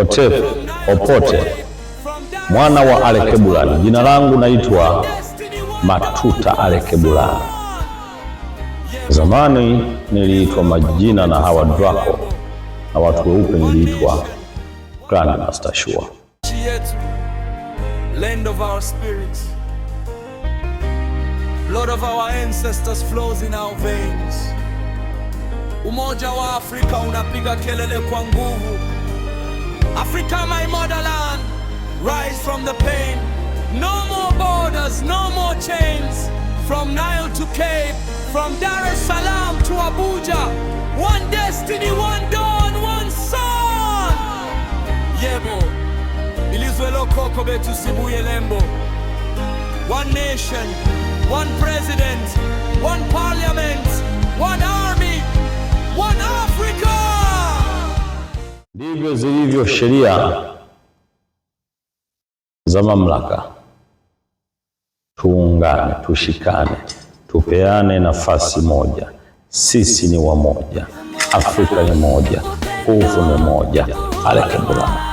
Otef Opote mwana wa Alekebulani. Jina langu naitwa Matuta Alekebulani. Zamani niliitwa majina na hawa Draco na watu weupe niliitwa Grand Master Shua. Land of our spirits. Blood of our ancestors flows in our veins. Umoja wa Afrika unapiga kelele kwa nguvu. Africa, my motherland, rise from the pain. No more borders, no more chains. From Nile to Cape, from Dar es Salaam to Abuja. One destiny, one dawn, one sun. Yebo, ilizwe Koko, bethu sibuye lembo. One nation, one president, one parliament, one ndivyo zilivyo sheria za mamlaka. Tuungane, tushikane, tupeane nafasi moja. Sisi ni wamoja, Afrika ni moja, uvu ni moja. alekebulana